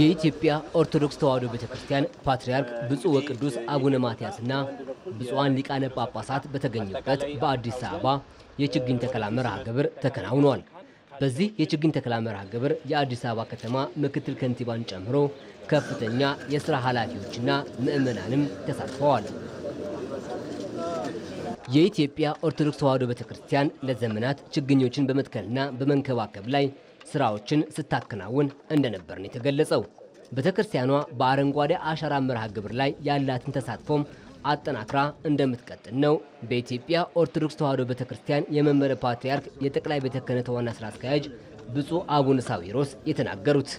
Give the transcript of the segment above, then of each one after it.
የኢትዮጵያ ኦርቶዶክስ ተዋሕዶ ቤተ ክርስቲያን ፓትርያርክ ብፁዕ ወቅዱስ አቡነ ማትያስና ብፁዓን ሊቃነ ጳጳሳት በተገኙበት በአዲስ አበባ የችግኝ ተከላ መርሃ ግብር ተከናውኗል። በዚህ የችግኝ ተከላ መርሃ ግብር የአዲስ አበባ ከተማ ምክትል ከንቲባን ጨምሮ ከፍተኛ የስራ ኃላፊዎችና ምዕመናንም ተሳትፈዋል። የኢትዮጵያ ኦርቶዶክስ ተዋሕዶ ቤተ ክርስቲያን ለዘመናት ችግኞችን በመትከልና በመንከባከብ ላይ ስራዎችን ስታከናውን እንደነበር ነው የተገለጸው። ቤተክርስቲያኗ በአረንጓዴ አሻራ መርሃ ግብር ላይ ያላትን ተሳትፎም አጠናክራ እንደምትቀጥል ነው በኢትዮጵያ ኦርቶዶክስ ተዋሕዶ ቤተክርስቲያን የመንበረ ፓትርያርክ የጠቅላይ ቤተ ክህነት ዋና ስራ አስኪያጅ ብፁዕ አቡነ ሳዊሮስ የተናገሩት።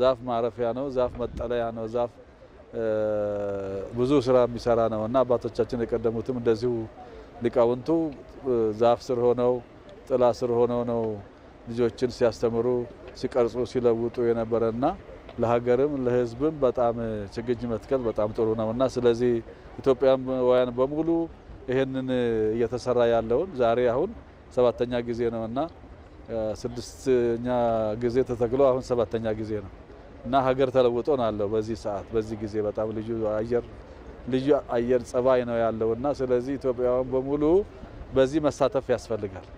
ዛፍ ማረፊያ ነው፣ ዛፍ መጠለያ ነው፣ ዛፍ ብዙ ስራ የሚሰራ ነው እና አባቶቻችን የቀደሙትም እንደዚሁ ሊቃውንቱ ዛፍ ስር ሆነው ጥላ ስር ሆነው ነው ልጆችን ሲያስተምሩ፣ ሲቀርጹ፣ ሲለውጡ የነበረና ለሀገርም ለሕዝብም በጣም ችግኝ መትከል በጣም ጥሩ ነው እና ስለዚህ ኢትዮጵያውያን በሙሉ ይህንን እየተሰራ ያለውን ዛሬ አሁን ሰባተኛ ጊዜ ነው እና ስድስተኛ ጊዜ ተተክሎ አሁን ሰባተኛ ጊዜ ነው እና ሀገር ተለውጦ ነው ያለው። በዚህ ሰዓት በዚህ ጊዜ በጣም ልዩ አየር ልዩ አየር ጸባይ ነው ያለው እና ስለዚህ ኢትዮጵያውያን በሙሉ በዚህ መሳተፍ ያስፈልጋል።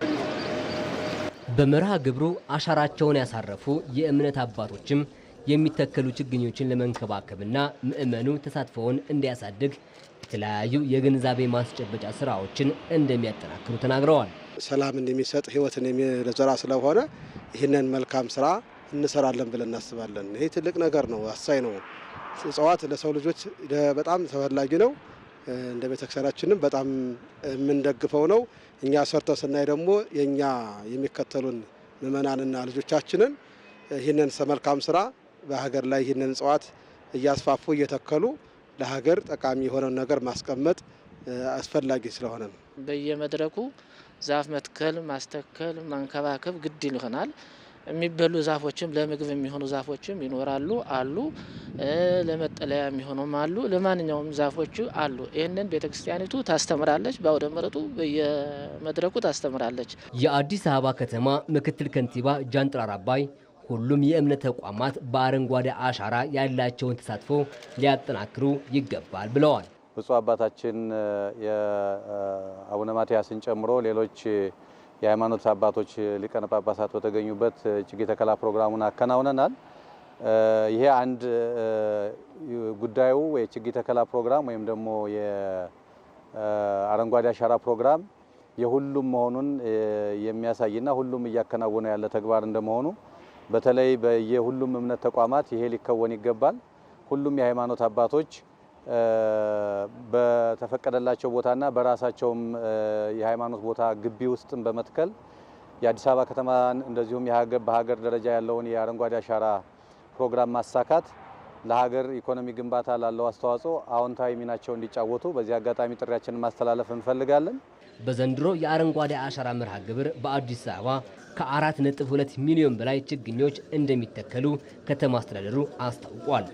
በመርሃ ግብሩ አሻራቸውን ያሳረፉ የእምነት አባቶችም የሚተከሉ ችግኞችን ለመንከባከብና ምዕመኑ ተሳትፎውን እንዲያሳድግ የተለያዩ የግንዛቤ ማስጨበጫ ስራዎችን እንደሚያጠናክሩ ተናግረዋል። ሰላምን የሚሰጥ ህይወትን የሚዘራ ስለሆነ ይህንን መልካም ስራ እንሰራለን ብለን እናስባለን። ይሄ ትልቅ ነገር ነው፣ አሳይ ነው። እጽዋት ለሰው ልጆች በጣም ተፈላጊ ነው። እንደ ቤተክርስቲያናችንም በጣም የምንደግፈው ነው። እኛ ሰርተ ስናይ ደግሞ የእኛ የሚከተሉን ምእመናንና ልጆቻችንን ይህንን መልካም ስራ በሀገር ላይ ይህንን እጽዋት እያስፋፉ እየተከሉ ለሀገር ጠቃሚ የሆነውን ነገር ማስቀመጥ አስፈላጊ ስለሆነ ነው። በየመድረኩ ዛፍ መትከል፣ ማስተከል፣ ማንከባከብ ግድ ይሆናል። የሚበሉ ዛፎችም ለምግብ የሚሆኑ ዛፎችም ይኖራሉ አሉ። ለመጠለያ የሚሆኑም አሉ። ለማንኛውም ዛፎቹ አሉ። ይህንን ቤተ ክርስቲያኒቱ ታስተምራለች። በአውደ ምረጡ በየመድረኩ ታስተምራለች። የአዲስ አበባ ከተማ ምክትል ከንቲባ ጃንጥራር አባይ ሁሉም የእምነት ተቋማት በአረንጓዴ አሻራ ያላቸውን ተሳትፎ ሊያጠናክሩ ይገባል ብለዋል። ብፁዕ አባታችን የአቡነ ማትያስን ጨምሮ ሌሎች የሃይማኖት አባቶች ሊቃነ ጳጳሳት በተገኙበት እጅግ የተከላ ፕሮግራሙን አከናውነናል። ይሄ አንድ ጉዳዩ የችግኝ ተከላ ፕሮግራም ወይም ደግሞ የአረንጓዴ አሻራ ፕሮግራም የሁሉም መሆኑን የሚያሳይና ሁሉም እያከናወነ ያለ ተግባር እንደመሆኑ በተለይ በየሁሉም እምነት ተቋማት ይሄ ሊከወን ይገባል። ሁሉም የሃይማኖት አባቶች በተፈቀደላቸው ቦታና በራሳቸውም የሃይማኖት ቦታ ግቢ ውስጥም በመትከል የአዲስ አበባ ከተማን እንደዚሁም በሀገር ደረጃ ያለውን የአረንጓዴ አሻራ ፕሮግራም ማሳካት ለሀገር ኢኮኖሚ ግንባታ ላለው አስተዋጽኦ አዎንታዊ ሚናቸው እንዲጫወቱ በዚህ አጋጣሚ ጥሪያችንን ማስተላለፍ እንፈልጋለን። በዘንድሮ የአረንጓዴ አሻራ መርሃ ግብር በአዲስ አበባ ከ ሁለት ሚሊዮን በላይ ችግኞች እንደሚተከሉ ከተማ አስተዳደሩ አስታውቋል።